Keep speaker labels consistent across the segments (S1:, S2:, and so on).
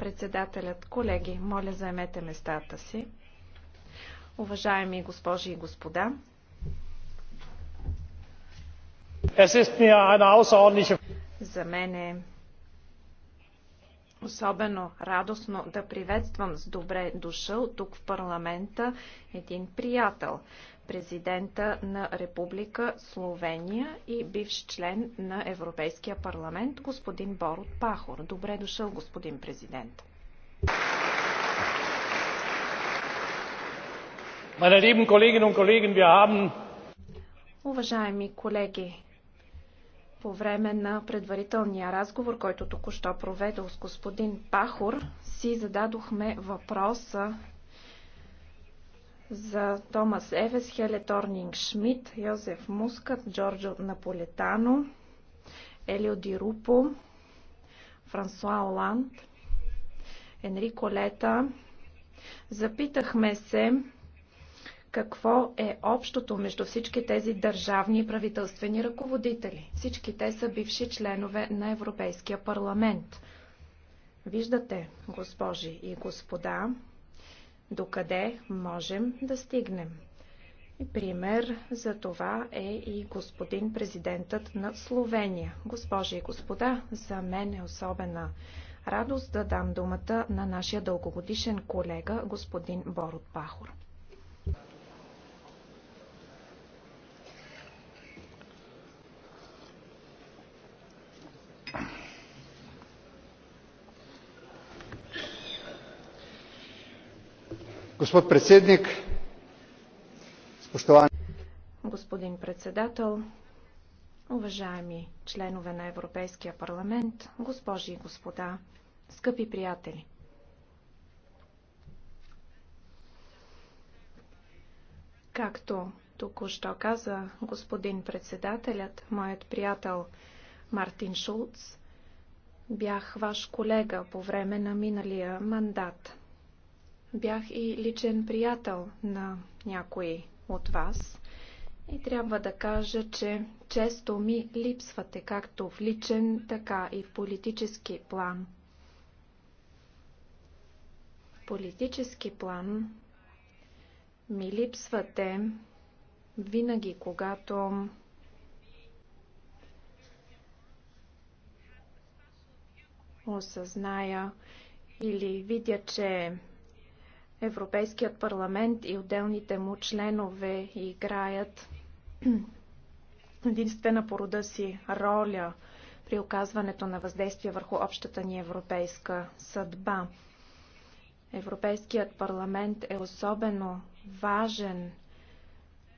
S1: председателят колеги моля заемете местата си уважаеми госпожи и господа за мен е особено радостно да приветствам с добре дошъл тук в парламента един приятел, президента на Република Словения и бивш член на Европейския парламент, господин Борот Пахор. Добре дошъл, господин президент. Уважаеми колеги, по време на предварителния разговор, който току-що проведох с господин Пахор, си зададохме въпроса за Томас Евес, Хеле Торнинг Шмидт, Йозеф Мускат, Джорджо Наполетано, Елио Ди Рупо, Франсуа Оланд, Енрико Лета. Запитахме се какво е общото между всички тези държавни и правителствени ръководители. Всички те са бивши членове на Европейския парламент. Виждате, госпожи и господа, докъде можем да стигнем. Пример за това е и господин президентът на Словения. Госпожи и господа, за мен е особена радост да дам думата на нашия дългогодишен колега господин Борот Пахор. Господин председател, уважаеми членове на Европейския парламент, госпожи и господа, скъпи приятели! Както току-що каза господин председателят, моят приятел Мартин Шулц, бях ваш колега по време на миналия мандат. Бях и личен приятел на някои от вас. И трябва да кажа, че често ми липсвате, както в личен, така и в политически план. В политически план ми липсвате винаги, когато осъзная или видя, че Европейският парламент и отделните му членове играят единствена по рода си роля при оказването на въздействие върху общата ни европейска съдба. Европейският парламент е особено важен,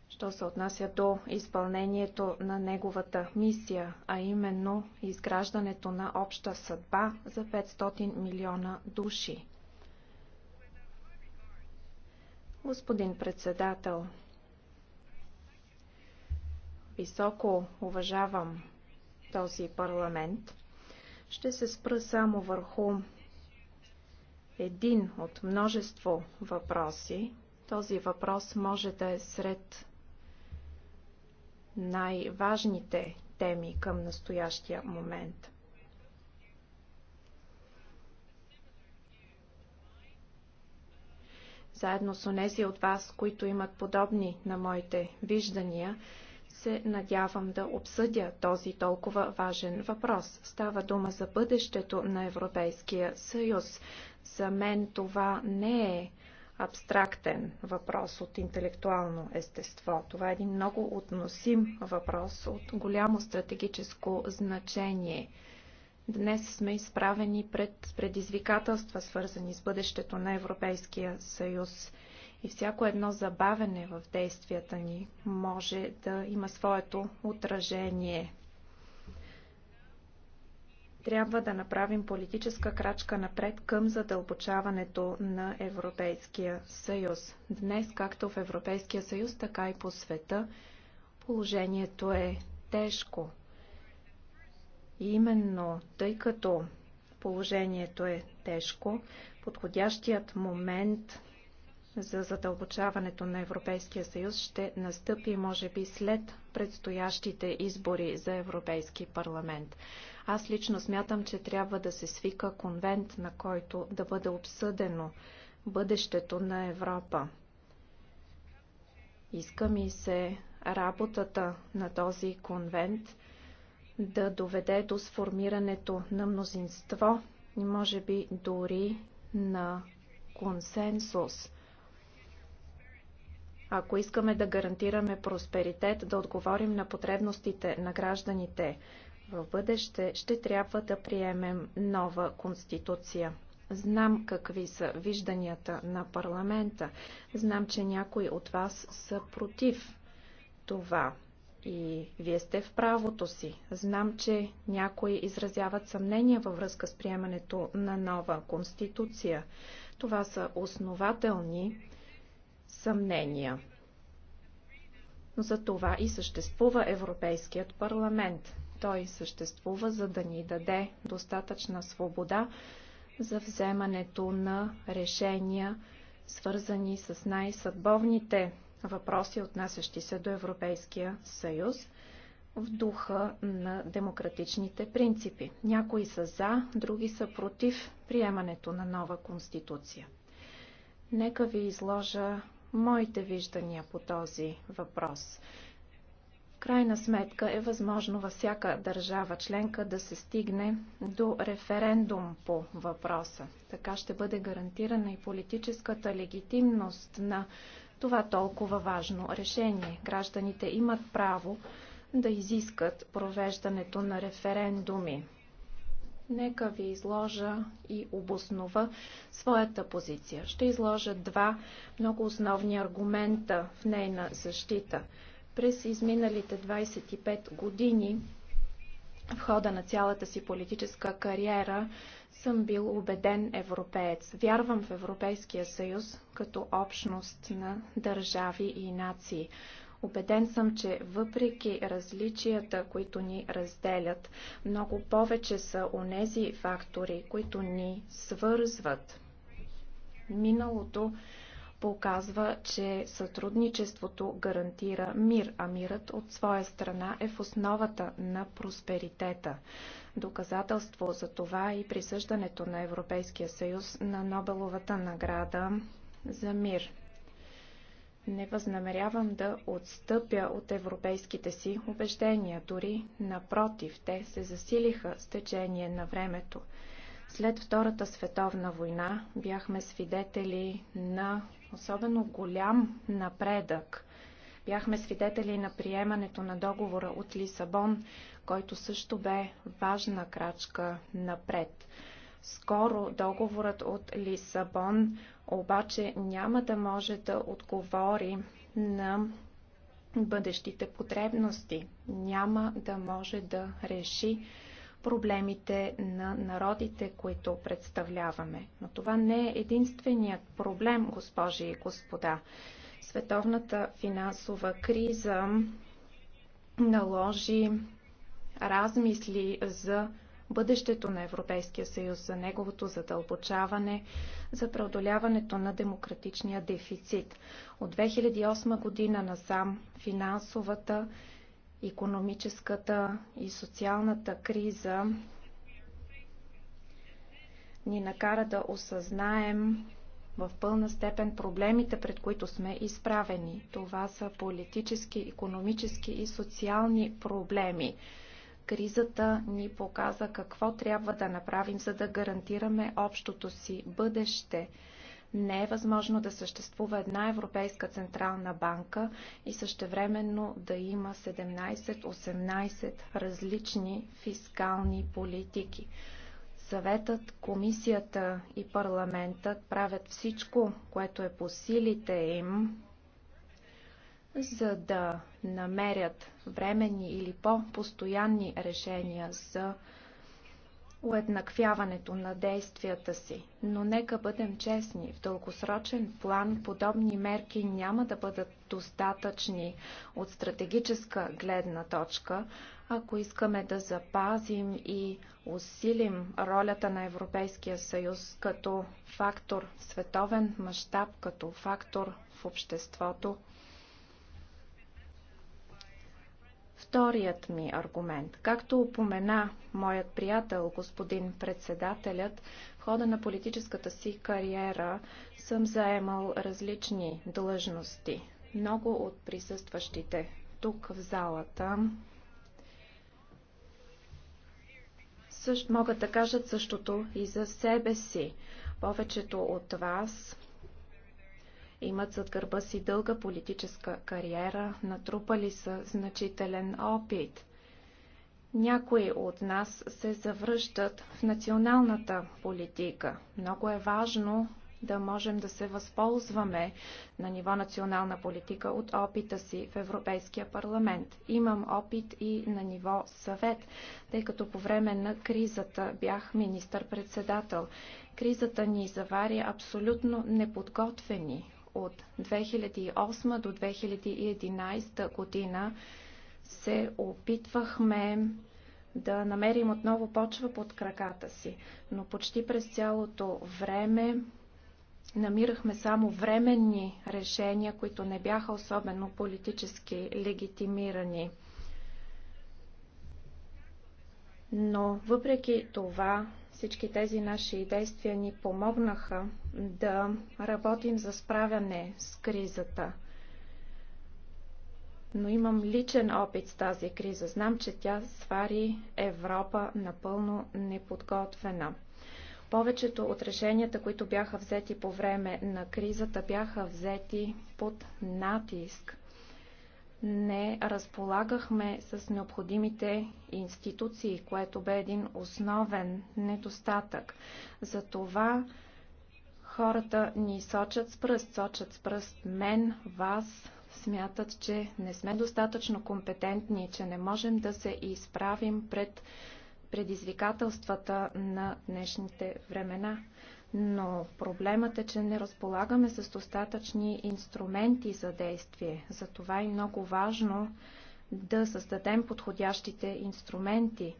S1: що се отнася до изпълнението на неговата мисия, а именно изграждането на обща съдба за 500 милиона души. Господин председател, високо уважавам този парламент. Ще се спра само върху един от множество въпроси. Този въпрос може да е сред най-важните теми към настоящия момент – заедно с онези от вас, които имат подобни на моите виждания, се надявам да обсъдя този толкова важен въпрос. Става дума за бъдещето на Европейския съюз. За мен това не е абстрактен въпрос от интелектуално естество. Това е един много относим въпрос от голямо стратегическо значение. Днес сме изправени пред предизвикателства, свързани с бъдещето на Европейския съюз. И всяко едно забавене в действията ни може да има своето отражение. Трябва да направим политическа крачка напред към задълбочаването на Европейския съюз. Днес, както в Европейския съюз, така и по света, положението е тежко. И именно тъй като положението е тежко, подходящият момент за задълбочаването на Европейския съюз ще настъпи, може би, след предстоящите избори за Европейски парламент. Аз лично смятам, че трябва да се свика конвент, на който да бъде обсъдено бъдещето на Европа. Иска ми се работата на този конвент – да доведе до сформирането на мнозинство и може би дори на консенсус. Ако искаме да гарантираме просперитет, да отговорим на потребностите на гражданите в бъдеще, ще трябва да приемем нова конституция. Знам какви са вижданията на парламента. Знам, че някои от вас са против това. И вие сте в правото си. Знам, че някои изразяват съмнения във връзка с приемането на нова конституция. Това са основателни съмнения. Но за това и съществува Европейският парламент. Той съществува, за да ни даде достатъчна свобода за вземането на решения, свързани с най-съдбовните въпроси, отнасящи се до Европейския съюз в духа на демократичните принципи. Някои са за, други са против приемането на нова конституция. Нека ви изложа моите виждания по този въпрос. В крайна сметка е възможно във всяка държава членка да се стигне до референдум по въпроса. Така ще бъде гарантирана и политическата легитимност на това толкова важно решение. Гражданите имат право да изискат провеждането на референдуми. Нека ви изложа и обоснова своята позиция. Ще изложа два много основни аргумента в нейна защита. През изминалите 25 години в хода на цялата си политическа кариера съм бил убеден европеец. Вярвам в Европейския съюз като общност на държави и нации. Обеден съм, че въпреки различията, които ни разделят, много повече са онези фактори, които ни свързват. Миналото показва, че сътрудничеството гарантира мир, а мирът от своя страна е в основата на просперитета. Доказателство за това е и присъждането на Европейския съюз на Нобеловата награда за мир. Не възнамерявам да отстъпя от европейските си убеждения, дори напротив, те се засилиха с течение на времето. След Втората световна война бяхме свидетели на особено голям напредък. Бяхме свидетели на приемането на договора от Лисабон, който също бе важна крачка напред. Скоро договорът от Лисабон обаче няма да може да отговори на бъдещите потребности, няма да може да реши проблемите на народите, които представляваме. Но това не е единственият проблем, госпожи и господа. Световната финансова криза наложи размисли за бъдещето на Европейския съюз, за неговото задълбочаване, за преодоляването на демократичния дефицит. От 2008 година насам финансовата Економическата и социалната криза ни накара да осъзнаем в пълна степен проблемите, пред които сме изправени. Това са политически, економически и социални проблеми. Кризата ни показа какво трябва да направим, за да гарантираме общото си бъдеще – не е възможно да съществува една Европейска централна банка и същевременно да има 17-18 различни фискални политики. Съветът, комисията и парламентът правят всичко, което е по силите им, за да намерят временни или по-постоянни решения за уеднаквяването на действията си. Но нека бъдем честни, в дългосрочен план подобни мерки няма да бъдат достатъчни от стратегическа гледна точка, ако искаме да запазим и усилим ролята на Европейския съюз като фактор в световен мащаб, като фактор в обществото, Вторият ми аргумент. Както упомена моят приятел, господин председателят, в хода на политическата си кариера съм заемал различни длъжности. Много от присъстващите тук в залата също, могат да кажат същото и за себе си. Повечето от вас имат зад гърба си дълга политическа кариера, натрупали са значителен опит. Някои от нас се завръщат в националната политика. Много е важно да можем да се възползваме на ниво национална политика от опита си в Европейския парламент. Имам опит и на ниво съвет, тъй като по време на кризата бях министър-председател. Кризата ни завари абсолютно неподготвени. От 2008 до 2011 година се опитвахме да намерим отново почва под краката си, но почти през цялото време намирахме само временни решения, които не бяха особено политически легитимирани. Но въпреки това всички тези наши действия ни помогнаха да работим за справяне с кризата. Но имам личен опит с тази криза. Знам, че тя свари Европа напълно неподготвена. Повечето от решенията, които бяха взети по време на кризата, бяха взети под натиск не разполагахме с необходимите институции, което бе един основен недостатък. Затова хората ни сочат с пръст, сочат с пръст мен, вас, смятат, че не сме достатъчно компетентни, че не можем да се изправим пред предизвикателствата на днешните времена но проблемът е, че не разполагаме с достатъчни инструменти за действие. Затова е много важно да създадем подходящите инструменти.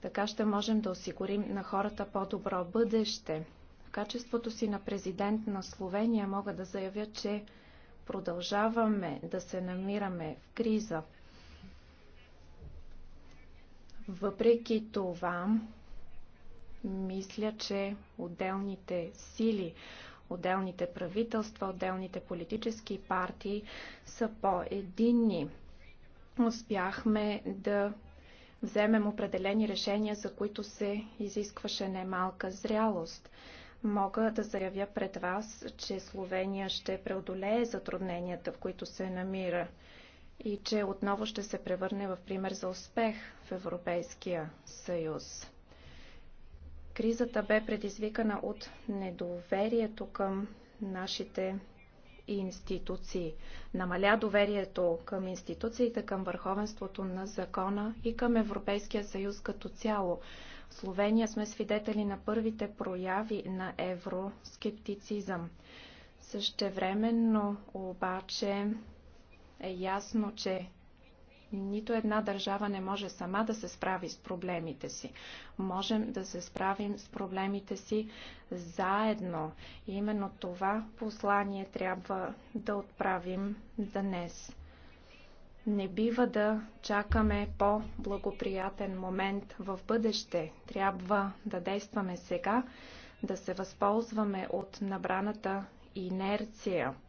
S1: Така ще можем да осигурим на хората по-добро бъдеще. В качеството си на президент на Словения мога да заявя, че продължаваме да се намираме в криза. Въпреки това, мисля, че отделните сили, отделните правителства, отделните политически партии са по-единни. Успяхме да вземем определени решения, за които се изискваше немалка зрялост. Мога да заявя пред вас, че Словения ще преодолее затрудненията, в които се намира и че отново ще се превърне в пример за успех в Европейския съюз. Кризата бе предизвикана от недоверието към нашите институции. Намаля доверието към институциите, към върховенството на закона и към Европейския съюз като цяло. В Словения сме свидетели на първите прояви на евроскептицизъм. Същевременно обаче е ясно, че нито една държава не може сама да се справи с проблемите си. Можем да се справим с проблемите си заедно. И именно това послание трябва да отправим днес. Не бива да чакаме по-благоприятен момент в бъдеще. Трябва да действаме сега, да се възползваме от набраната инерция –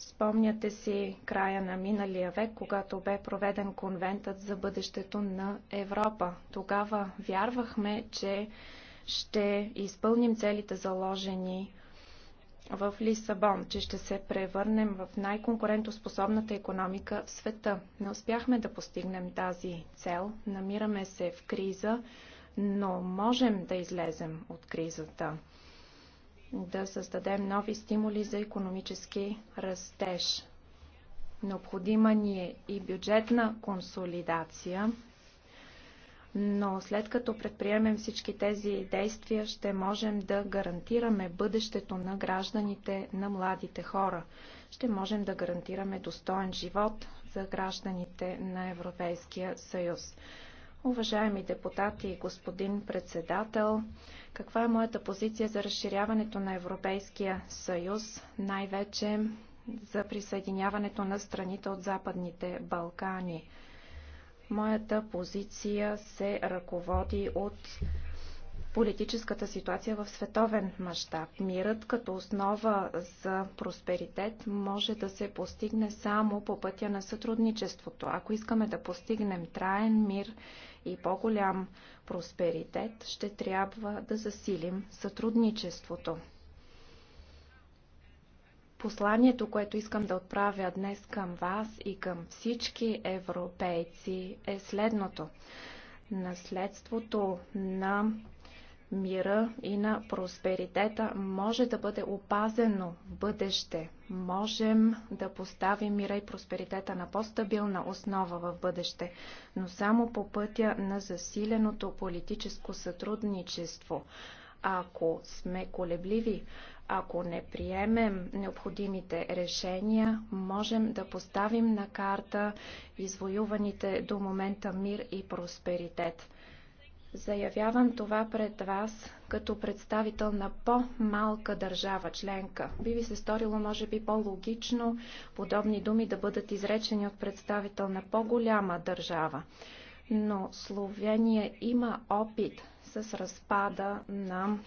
S1: Спомняте си края на миналия век, когато бе проведен конвентът за бъдещето на Европа. Тогава вярвахме, че ще изпълним целите заложени в Лисабон, че ще се превърнем в най-конкурентоспособната економика в света. Не успяхме да постигнем тази цел. Намираме се в криза, но можем да излезем от кризата да създадем нови стимули за економически растеж. Необходима ни е и бюджетна консолидация, но след като предприемем всички тези действия, ще можем да гарантираме бъдещето на гражданите, на младите хора. Ще можем да гарантираме достоен живот за гражданите на Европейския съюз. Уважаеми депутати и господин председател, каква е моята позиция за разширяването на Европейския съюз, най-вече за присъединяването на страните от Западните Балкани? Моята позиция се ръководи от политическата ситуация в световен мащаб. Мирът като основа за просперитет може да се постигне само по пътя на сътрудничеството. Ако искаме да постигнем траен мир и по-голям просперитет, ще трябва да засилим сътрудничеството. Посланието, което искам да отправя днес към вас и към всички европейци е следното. Наследството на мира и на просперитета може да бъде опазено в бъдеще. Можем да поставим мира и просперитета на по-стабилна основа в бъдеще, но само по пътя на засиленото политическо сътрудничество. Ако сме колебливи, ако не приемем необходимите решения, можем да поставим на карта извоюваните до момента мир и просперитет Заявявам това пред вас като представител на по-малка държава членка. Би ви се сторило, може би, по-логично подобни думи да бъдат изречени от представител на по-голяма държава. Но Словения има опит с разпада на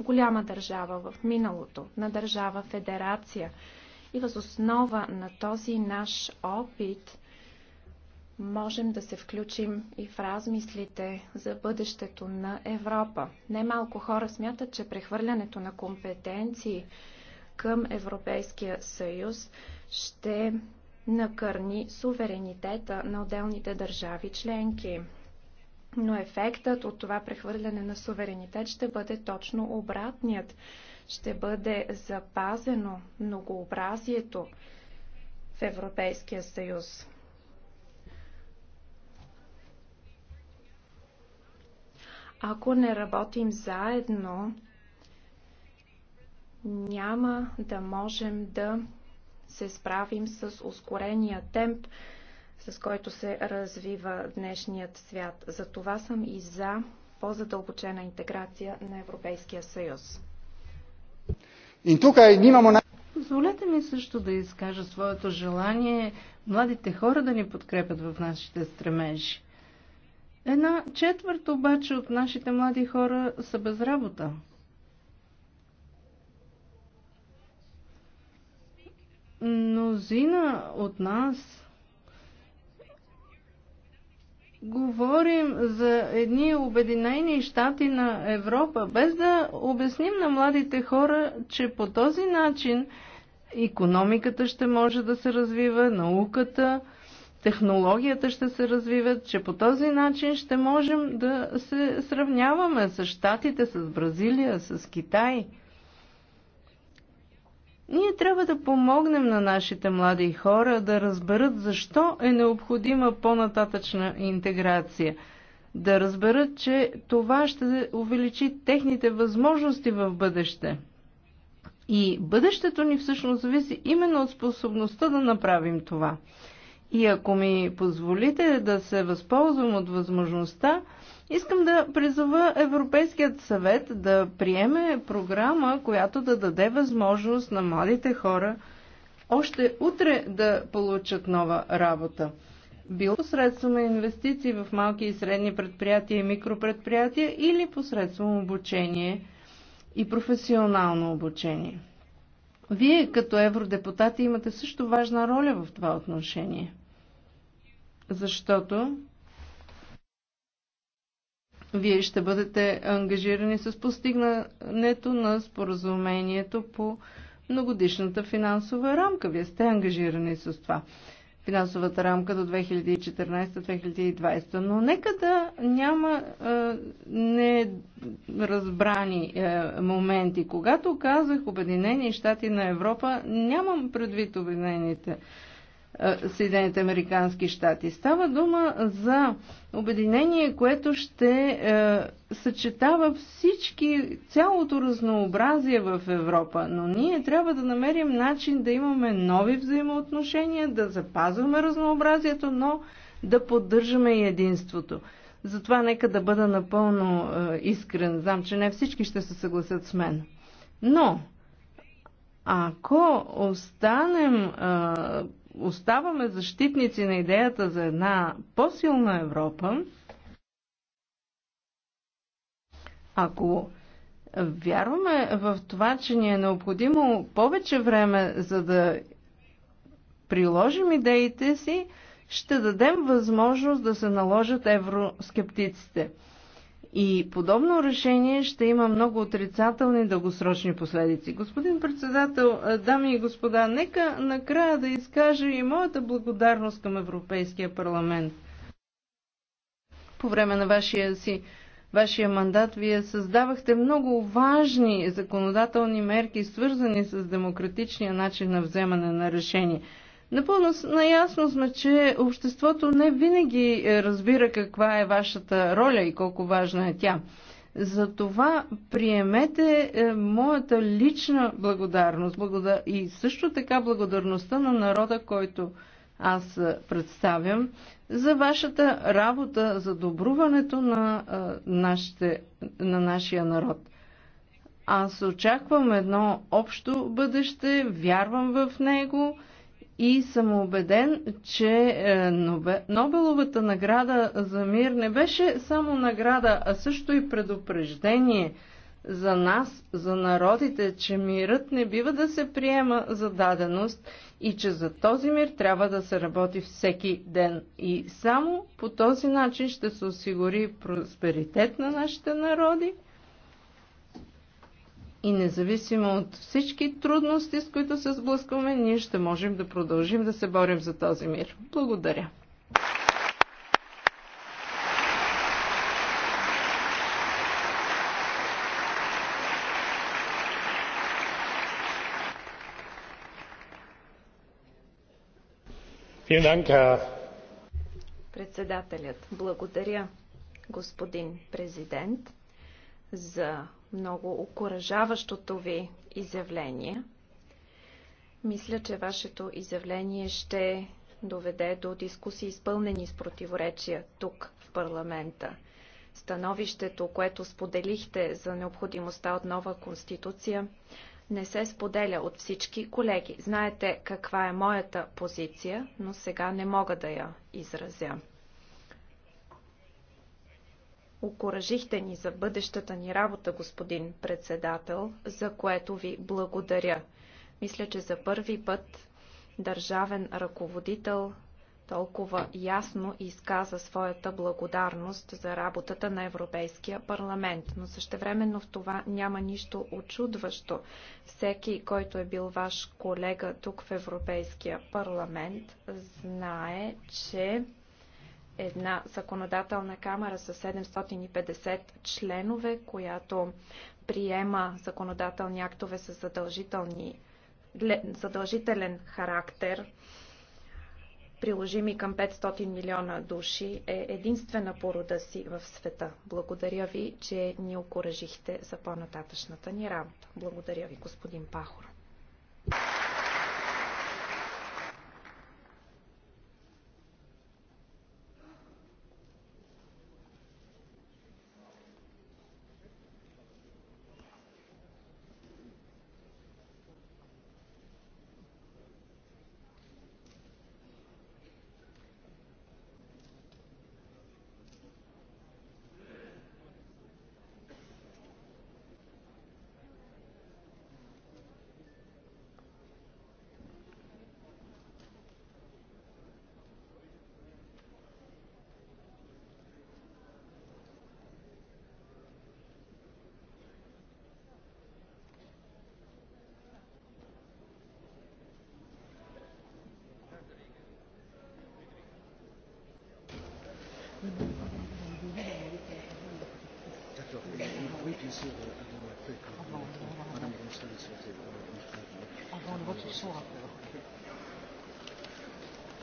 S1: голяма държава в миналото, на държава федерация. И въз основа на този наш опит – можем да се включим и в размислите за бъдещето на Европа. Немалко хора смятат, че прехвърлянето на компетенции към Европейския съюз ще накърни суверенитета на отделните държави членки. Но ефектът от това прехвърляне на суверенитет ще бъде точно обратният. Ще бъде запазено многообразието в Европейския съюз. Ако не работим заедно, няма да можем да се справим с ускорения темп, с който се развива днешният свят. За това съм и за по-задълбочена интеграция на Европейския
S2: съюз. И тук имаме... Позволете ми също да изкажа своето желание младите хора да ни подкрепят в нашите стремежи. Една четвърт обаче от нашите млади хора са без работа. Мнозина от нас говорим за едни обединени щати на Европа, без да обясним на младите хора, че по този начин економиката ще може да се развива, науката, технологията ще се развиват, че по този начин ще можем да се сравняваме с Штатите, с Бразилия, с Китай. Ние трябва да помогнем на нашите млади хора да разберат защо е необходима по-нататъчна интеграция. Да разберат, че това ще увеличи техните възможности в бъдеще. И бъдещето ни всъщност зависи именно от способността да направим това. И ако ми позволите да се възползвам от възможността, искам да призова Европейският съвет да приеме програма, която да даде възможност на младите хора още утре да получат нова работа. Било посредством инвестиции в малки и средни предприятия и микропредприятия или посредством обучение и професионално обучение. Вие като евродепутати имате също важна роля в това отношение защото вие ще бъдете ангажирани с постигнането на споразумението по многодишната финансова рамка. Вие сте ангажирани с това. Финансовата рамка до 2014-2020. Но нека да няма е, неразбрани е, моменти. Когато казах Обединени щати на Европа, нямам предвид Обединените е, Съединените Американски щати. Става дума за обединение, което ще е, съчетава всички, цялото разнообразие в Европа. Но ние трябва да намерим начин да имаме нови взаимоотношения, да запазваме разнообразието, но да поддържаме и единството. Затова нека да бъда напълно е, искрен. Знам, че не всички ще се съгласят с мен. Но, ако останем е, оставаме защитници на идеята за една по-силна Европа, ако вярваме в това, че ни е необходимо повече време, за да приложим идеите си, ще дадем възможност да се наложат евроскептиците. И подобно решение ще има много отрицателни дългосрочни последици. Господин председател, е, дами и господа, нека накрая да изкажа и моята благодарност към Европейския парламент. По време на вашия си вашия мандат вие създавахте много важни законодателни мерки, свързани с демократичния начин на вземане на решение – Напълно наясно сме, че обществото не винаги е, разбира каква е вашата роля и колко важна е тя. Затова приемете е, моята лична благодарност благода... и също така благодарността на народа, който аз е, представям, за вашата работа, за добруването на, нашите, на нашия народ. Аз очаквам едно общо бъдеще, вярвам в него и съм убеден, че е, Нобеловата награда за мир не беше само награда, а също и предупреждение за нас, за народите, че мирът не бива да се приема за даденост и че за този мир трябва да се работи всеки ден. И само по този начин ще се осигури просперитет на нашите народи, и независимо от всички трудности, с които се сблъскваме, ние ще можем да продължим да се борим за този мир. Благодаря.
S1: Председателят, благодаря, господин президент, за много окоръжаващото ви изявление. Мисля, че вашето изявление ще доведе до дискусии, изпълнени с противоречия тук в парламента. Становището, което споделихте за необходимостта от нова конституция, не се споделя от всички колеги. Знаете каква е моята позиция, но сега не мога да я изразя. Окоръжихте ни за бъдещата ни работа, господин председател, за което ви благодаря. Мисля, че за първи път държавен ръководител толкова ясно изказа своята благодарност за работата на Европейския парламент, но същевременно в това няма нищо очудващо. Всеки, който е бил ваш колега тук в Европейския парламент, знае, че една законодателна камера с 750 членове, която приема законодателни актове с задължителни, задължителен характер, приложими към 500 милиона души, е единствена порода си в света. Благодаря ви, че ни окоръжихте за по-нататъчната ни работа. Благодаря ви, господин Пахор.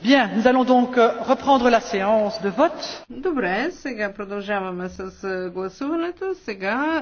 S2: Bien, nous allons donc reprendre la séance de vote. Добре, сега продължаваме с гласуването. Сега